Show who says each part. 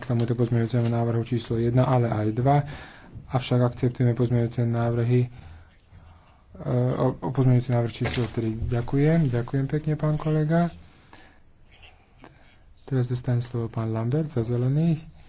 Speaker 1: k tomuto pozmeňujúcemu návrhu číslo 1, ale aj 2. Avšak akceptujeme pozmeňujúce návrhy eh, o pozmeňujúci návrh číslo 3. Ďakujem, ďakujem pekne, pán kolega. Teraz dostane slovo pán Lambert za zelených.